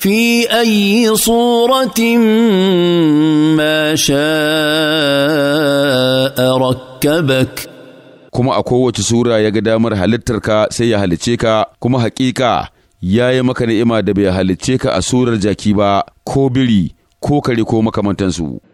في اي صوره ما شاء ركبك kuma a kowace sura ya ga damar halittarka sai ya halicce ka kuma hakika ya yi maka ni'ima da bai halicce ka a surar jaki ba ko biri ko kare ko makamantansu